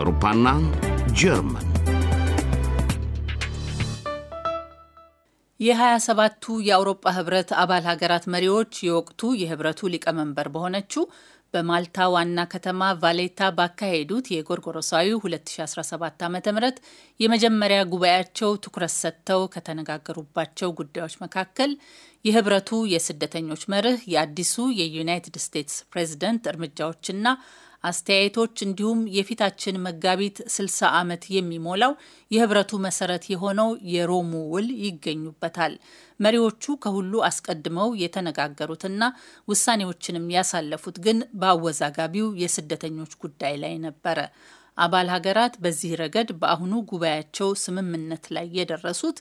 አውሮፓና ጀርመን የ27ቱ የአውሮፓ ህብረት አባል ሀገራት መሪዎች የወቅቱ የህብረቱ ሊቀመንበር በሆነችው በማልታ ዋና ከተማ ቫሌታ ባካሄዱት የጎርጎሮሳዊ 2017 ዓ ም የመጀመሪያ ጉባኤያቸው ትኩረት ሰጥተው ከተነጋገሩባቸው ጉዳዮች መካከል የህብረቱ የስደተኞች መርህ፣ የአዲሱ የዩናይትድ ስቴትስ ፕሬዚደንት እርምጃዎችና አስተያየቶች እንዲሁም የፊታችን መጋቢት 60 ዓመት የሚሞላው የህብረቱ መሰረት የሆነው የሮሙ ውል ይገኙበታል። መሪዎቹ ከሁሉ አስቀድመው የተነጋገሩትና ውሳኔዎችንም ያሳለፉት ግን በአወዛጋቢው የስደተኞች ጉዳይ ላይ ነበረ። አባል ሀገራት በዚህ ረገድ በአሁኑ ጉባኤያቸው ስምምነት ላይ የደረሱት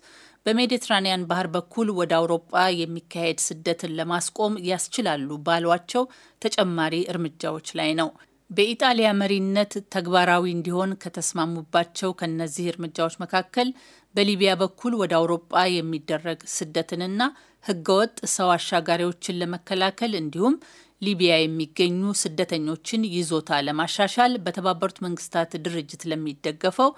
በሜዲትራኒያን ባህር በኩል ወደ አውሮጳ የሚካሄድ ስደትን ለማስቆም ያስችላሉ ባሏቸው ተጨማሪ እርምጃዎች ላይ ነው። በኢጣሊያ መሪነት ተግባራዊ እንዲሆን ከተስማሙባቸው ከነዚህ እርምጃዎች መካከል በሊቢያ በኩል ወደ አውሮጳ የሚደረግ ስደትንና ህገወጥ ሰው አሻጋሪዎችን ለመከላከል እንዲሁም ሊቢያ የሚገኙ ስደተኞችን ይዞታ ለማሻሻል በተባበሩት መንግስታት ድርጅት ለሚደገፈው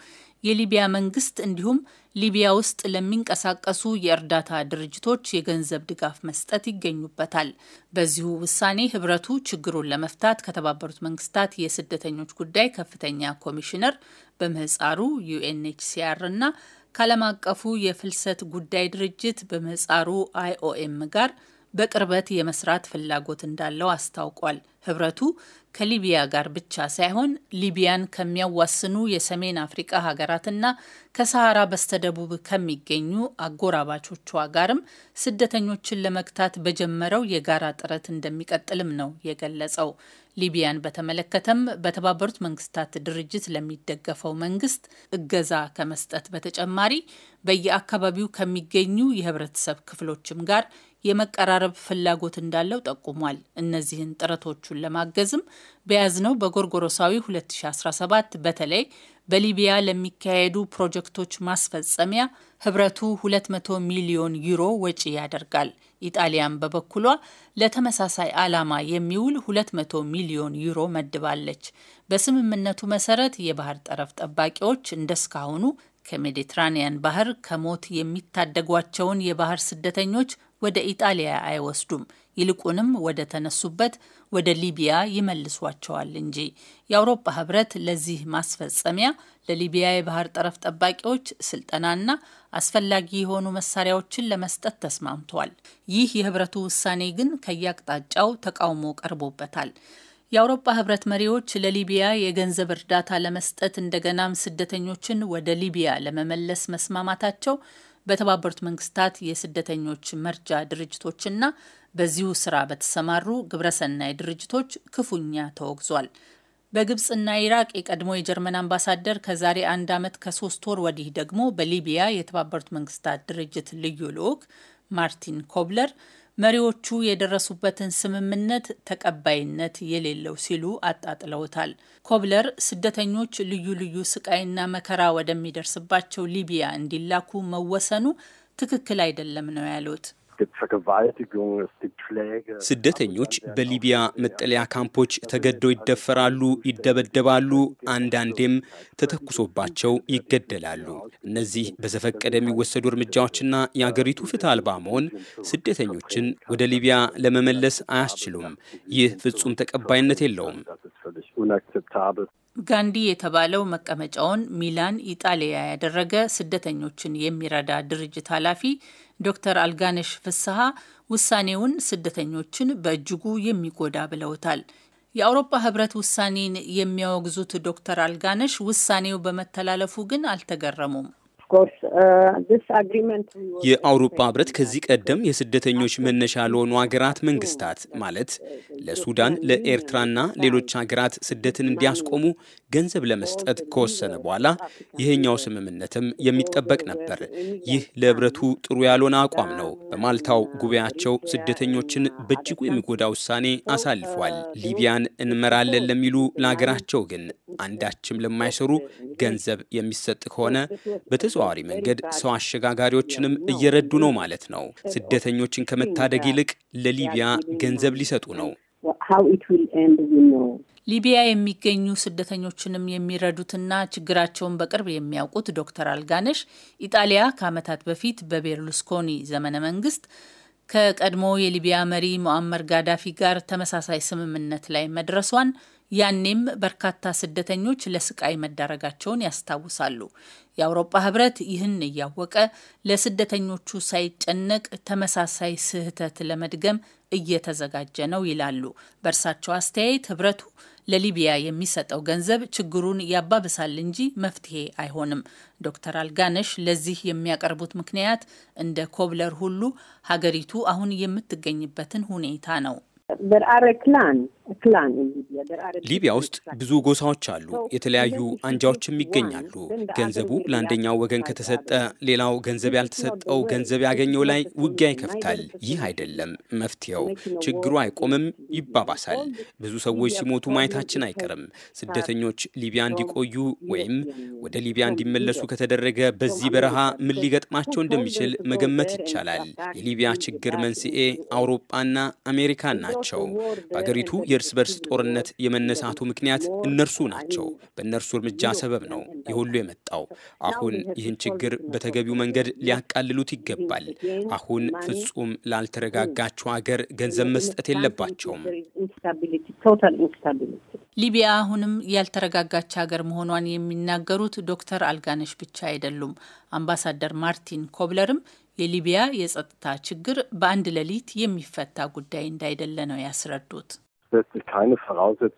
የሊቢያ መንግስት እንዲሁም ሊቢያ ውስጥ ለሚንቀሳቀሱ የእርዳታ ድርጅቶች የገንዘብ ድጋፍ መስጠት ይገኙበታል። በዚሁ ውሳኔ ህብረቱ ችግሩን ለመፍታት ከተባበሩት መንግስታት የስደተኞች ጉዳይ ከፍተኛ ኮሚሽነር በምህፃሩ ዩኤንኤችሲአር እና ከዓለም አቀፉ የፍልሰት ጉዳይ ድርጅት በምህፃሩ አይኦኤም ጋር በቅርበት የመስራት ፍላጎት እንዳለው አስታውቋል። ህብረቱ ከሊቢያ ጋር ብቻ ሳይሆን ሊቢያን ከሚያዋስኑ የሰሜን አፍሪቃ ሀገራትና ከሰሃራ በስተደቡብ ከሚገኙ አጎራባቾቿ ጋርም ስደተኞችን ለመግታት በጀመረው የጋራ ጥረት እንደሚቀጥልም ነው የገለጸው። ሊቢያን በተመለከተም በተባበሩት መንግስታት ድርጅት ለሚደገፈው መንግስት እገዛ ከመስጠት በተጨማሪ በየአካባቢው ከሚገኙ የህብረተሰብ ክፍሎችም ጋር የመቀራረብ ፍላጎት እንዳለው ጠቁሟል። እነዚህን ጥረቶቹ ተጎጂዎቹን ለማገዝም በያዝነው በጎርጎሮሳዊ 2017 በተለይ በሊቢያ ለሚካሄዱ ፕሮጀክቶች ማስፈጸሚያ ህብረቱ 200 ሚሊዮን ዩሮ ወጪ ያደርጋል። ኢጣሊያን በበኩሏ ለተመሳሳይ ዓላማ የሚውል 200 ሚሊዮን ዩሮ መድባለች። በስምምነቱ መሰረት የባህር ጠረፍ ጠባቂዎች እንደስካሁኑ ከሜዲትራኒያን ባህር ከሞት የሚታደጓቸውን የባህር ስደተኞች ወደ ኢጣሊያ አይወስዱም። ይልቁንም ወደ ተነሱበት ወደ ሊቢያ ይመልሷቸዋል እንጂ። የአውሮፓ ህብረት ለዚህ ማስፈጸሚያ ለሊቢያ የባህር ጠረፍ ጠባቂዎች ስልጠናና አስፈላጊ የሆኑ መሳሪያዎችን ለመስጠት ተስማምቷል። ይህ የህብረቱ ውሳኔ ግን ከየአቅጣጫው ተቃውሞ ቀርቦበታል። የአውሮፓ ህብረት መሪዎች ለሊቢያ የገንዘብ እርዳታ ለመስጠት እንደገናም ስደተኞችን ወደ ሊቢያ ለመመለስ መስማማታቸው በተባበሩት መንግስታት የስደተኞች መርጃ ድርጅቶችና በዚሁ ስራ በተሰማሩ ግብረሰናይ ድርጅቶች ክፉኛ ተወግዟል። በግብፅና ኢራቅ የቀድሞ የጀርመን አምባሳደር ከዛሬ አንድ ዓመት ከሶስት ወር ወዲህ ደግሞ በሊቢያ የተባበሩት መንግስታት ድርጅት ልዩ ልዑክ ማርቲን ኮብለር መሪዎቹ የደረሱበትን ስምምነት ተቀባይነት የሌለው ሲሉ አጣጥለውታል። ኮብለር ስደተኞች ልዩ ልዩ ስቃይና መከራ ወደሚደርስባቸው ሊቢያ እንዲላኩ መወሰኑ ትክክል አይደለም ነው ያሉት። gibt Vergewaltigung, es gibt Schläge. ስደተኞች በሊቢያ መጠለያ ካምፖች ተገደው ይደፈራሉ፣ ይደበደባሉ፣ አንዳንዴም ተተኩሶባቸው ይገደላሉ። እነዚህ በዘፈቀደ የሚወሰዱ እርምጃዎችና የአገሪቱ ፍትህ አልባ መሆን ስደተኞችን ወደ ሊቢያ ለመመለስ አያስችሉም። ይህ ፍጹም ተቀባይነት የለውም። ጋንዲ የተባለው መቀመጫውን ሚላን ኢጣሊያ ያደረገ ስደተኞችን የሚረዳ ድርጅት ኃላፊ ዶክተር አልጋነሽ ፍስሐ ውሳኔውን ስደተኞችን በእጅጉ የሚጎዳ ብለውታል። የአውሮፓ ህብረት ውሳኔን የሚያወግዙት ዶክተር አልጋነሽ ውሳኔው በመተላለፉ ግን አልተገረሙም። Uh, የአውሮፓ ህብረት ከዚህ ቀደም የስደተኞች መነሻ ለሆኑ ሀገራት መንግስታት ማለት ለሱዳን፣ ለኤርትራና ሌሎች ሀገራት ስደትን እንዲያስቆሙ ገንዘብ ለመስጠት ከወሰነ በኋላ ይህኛው ስምምነትም የሚጠበቅ ነበር። ይህ ለህብረቱ ጥሩ ያልሆነ አቋም ነው። በማልታው ጉባኤያቸው ስደተኞችን በእጅጉ የሚጎዳ ውሳኔ አሳልፏል። uh, ሊቢያን እንመራለን ለሚሉ ለሀገራቸው ግን አንዳችም ለማይሰሩ ገንዘብ የሚሰጥ ከሆነ በተዘ በተዘዋዋሪ መንገድ ሰው አሸጋጋሪዎችንም እየረዱ ነው ማለት ነው። ስደተኞችን ከመታደግ ይልቅ ለሊቢያ ገንዘብ ሊሰጡ ነው። ሊቢያ የሚገኙ ስደተኞችንም የሚረዱትና ችግራቸውን በቅርብ የሚያውቁት ዶክተር አልጋነሽ ኢጣሊያ ከዓመታት በፊት በቤርሉስኮኒ ዘመነ መንግስት ከቀድሞ የሊቢያ መሪ ሞአመር ጋዳፊ ጋር ተመሳሳይ ስምምነት ላይ መድረሷን ያኔም በርካታ ስደተኞች ለስቃይ መዳረጋቸውን ያስታውሳሉ። የአውሮፓ ህብረት ይህን እያወቀ ለስደተኞቹ ሳይጨነቅ ተመሳሳይ ስህተት ለመድገም እየተዘጋጀ ነው ይላሉ። በእርሳቸው አስተያየት ህብረቱ ለሊቢያ የሚሰጠው ገንዘብ ችግሩን ያባብሳል እንጂ መፍትሄ አይሆንም። ዶክተር አልጋነሽ ለዚህ የሚያቀርቡት ምክንያት እንደ ኮብለር ሁሉ ሀገሪቱ አሁን የምትገኝበትን ሁኔታ ነው። ሊቢያ ውስጥ ብዙ ጎሳዎች አሉ፣ የተለያዩ አንጃዎችም ይገኛሉ። ገንዘቡ ለአንደኛው ወገን ከተሰጠ ሌላው ገንዘብ ያልተሰጠው ገንዘብ ያገኘው ላይ ውጊያ ይከፍታል። ይህ አይደለም መፍትሄው። ችግሩ አይቆምም፣ ይባባሳል። ብዙ ሰዎች ሲሞቱ ማየታችን አይቀርም። uh, ስደተኞች ሊቢያ እንዲቆዩ ወይም ወደ ሊቢያ እንዲመለሱ ከተደረገ በዚህ በረሃ ምን ሊገጥማቸው እንደሚችል መገመት ይቻላል። የሊቢያ ችግር መንስኤ አውሮፓና አሜሪካን ናቸው። በአገሪቱ የእርስ በርስ ጦርነት የመነሳቱ ምክንያት እነርሱ ናቸው። በእነርሱ እርምጃ ሰበብ ነው የሁሉ የመጣው። አሁን ይህን ችግር በተገቢው መንገድ ሊያቃልሉት ይገባል። አሁን ፍጹም ላልተረጋጋቸው ሀገር ገንዘብ መስጠት የለባቸውም። ሊቢያ አሁንም ያልተረጋጋች ሀገር መሆኗን የሚናገሩት ዶክተር አልጋነሽ ብቻ አይደሉም። አምባሳደር ማርቲን ኮብለርም የሊቢያ የጸጥታ ችግር በአንድ ሌሊት የሚፈታ ጉዳይ እንዳይደለ ነው ያስረዱት። keine äh,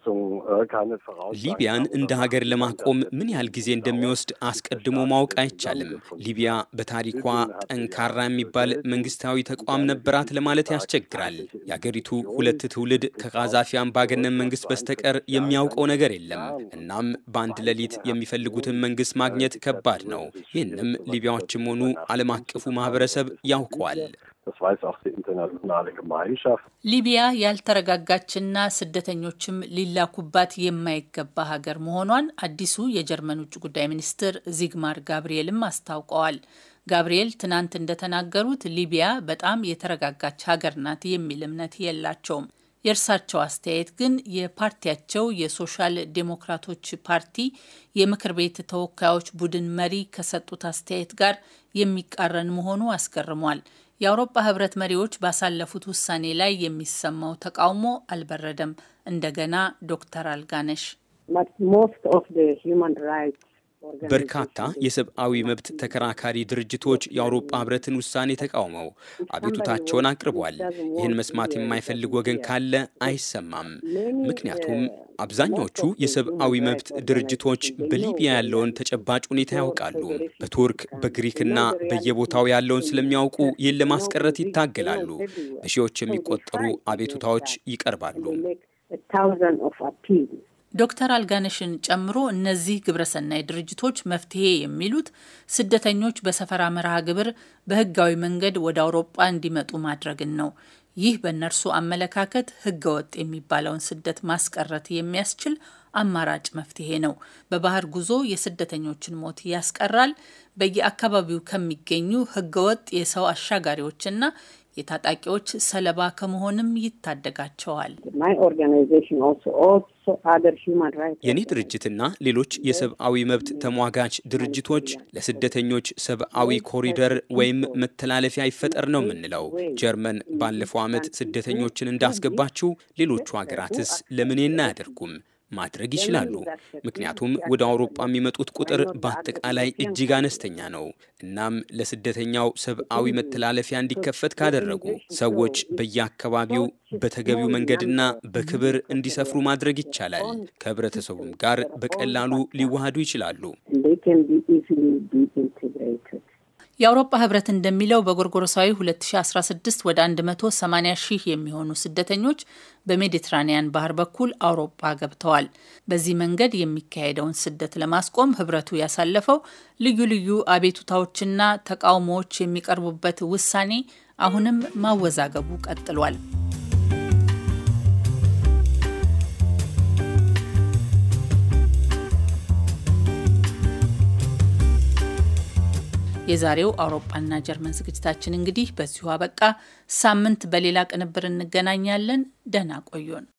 keine ሊቢያን እንደ ሀገር ለማቆም ምን ያህል ጊዜ እንደሚወስድ አስቀድሞ ማወቅ አይቻልም። ሊቢያ በታሪኳ ጠንካራ የሚባል መንግስታዊ ተቋም ነበራት ለማለት ያስቸግራል። የአገሪቱ ሁለት ትውልድ ከቃዛፊ አምባገነን መንግስት በስተቀር የሚያውቀው ነገር የለም። እናም በአንድ ሌሊት የሚፈልጉትን መንግስት ማግኘት ከባድ ነው። ይህንም ሊቢያዎችም ሆኑ ዓለም አቀፉ ማህበረሰብ ያውቀዋል። das weiß auch die internationale Gemeinschaft. ሊቢያ ያልተረጋጋችና ስደተኞችም ሊላኩባት የማይገባ ሀገር መሆኗን አዲሱ የጀርመን ውጭ ጉዳይ ሚኒስትር ዚግማር ጋብርኤልም አስታውቀዋል። ጋብርኤል ትናንት እንደተናገሩት ሊቢያ በጣም የተረጋጋች ሀገር ናት የሚል እምነት የላቸውም። የእርሳቸው አስተያየት ግን የፓርቲያቸው የሶሻል ዴሞክራቶች ፓርቲ የምክር ቤት ተወካዮች ቡድን መሪ ከሰጡት አስተያየት ጋር የሚቃረን መሆኑ አስገርሟል። የአውሮፓ ህብረት መሪዎች ባሳለፉት ውሳኔ ላይ የሚሰማው ተቃውሞ አልበረደም። እንደገና ዶክተር አልጋነሽ በርካታ የሰብአዊ መብት ተከራካሪ ድርጅቶች የአውሮፓ ህብረትን ውሳኔ ተቃውመው አቤቱታቸውን አቅርቧል። ይህን መስማት የማይፈልግ ወገን ካለ አይሰማም። ምክንያቱም አብዛኛዎቹ የሰብአዊ መብት ድርጅቶች በሊቢያ ያለውን ተጨባጭ ሁኔታ ያውቃሉ። በቱርክ በግሪክና በየቦታው ያለውን ስለሚያውቁ ይህን ለማስቀረት ይታገላሉ። በሺዎች የሚቆጠሩ አቤቱታዎች ይቀርባሉ። ዶክተር አልጋነሽን ጨምሮ እነዚህ ግብረሰናይ ድርጅቶች መፍትሄ የሚሉት ስደተኞች በሰፈራ መርሃ ግብር በህጋዊ መንገድ ወደ አውሮጳ እንዲመጡ ማድረግን ነው። ይህ በእነርሱ አመለካከት ህገወጥ የሚባለውን ስደት ማስቀረት የሚያስችል አማራጭ መፍትሄ ነው። በባህር ጉዞ የስደተኞችን ሞት ያስቀራል። በየአካባቢው ከሚገኙ ህገወጥ የሰው አሻጋሪዎችና የታጣቂዎች ሰለባ ከመሆንም ይታደጋቸዋል። የኔ ድርጅትና ሌሎች የሰብአዊ መብት ተሟጋች ድርጅቶች ለስደተኞች ሰብአዊ ኮሪደር ወይም መተላለፊያ ይፈጠር ነው የምንለው። ጀርመን ባለፈው ዓመት ስደተኞችን እንዳስገባችው ሌሎቹ ሀገራትስ ለምን ና አያደርጉም? ማድረግ ይችላሉ። ምክንያቱም ወደ አውሮፓ የሚመጡት ቁጥር በአጠቃላይ እጅግ አነስተኛ ነው። እናም ለስደተኛው ሰብአዊ hmm. መተላለፊያ እንዲከፈት ካደረጉ ሰዎች በየአካባቢው በተገቢው መንገድና በክብር እንዲሰፍሩ ማድረግ ይቻላል። ከህብረተሰቡም ጋር በቀላሉ ሊዋሃዱ ይችላሉ። የአውሮፓ ህብረት እንደሚለው በጎርጎሮሳዊ 2016 ወደ 180 ሺህ የሚሆኑ ስደተኞች በሜዲትራኒያን ባህር በኩል አውሮፓ ገብተዋል። በዚህ መንገድ የሚካሄደውን ስደት ለማስቆም ህብረቱ ያሳለፈው ልዩ ልዩ አቤቱታዎችና ተቃውሞዎች የሚቀርቡበት ውሳኔ አሁንም ማወዛገቡ ቀጥሏል። የዛሬው አውሮፓና ጀርመን ዝግጅታችን እንግዲህ በዚሁ አበቃ። ሳምንት በሌላ ቅንብር እንገናኛለን። ደህና ቆዩን።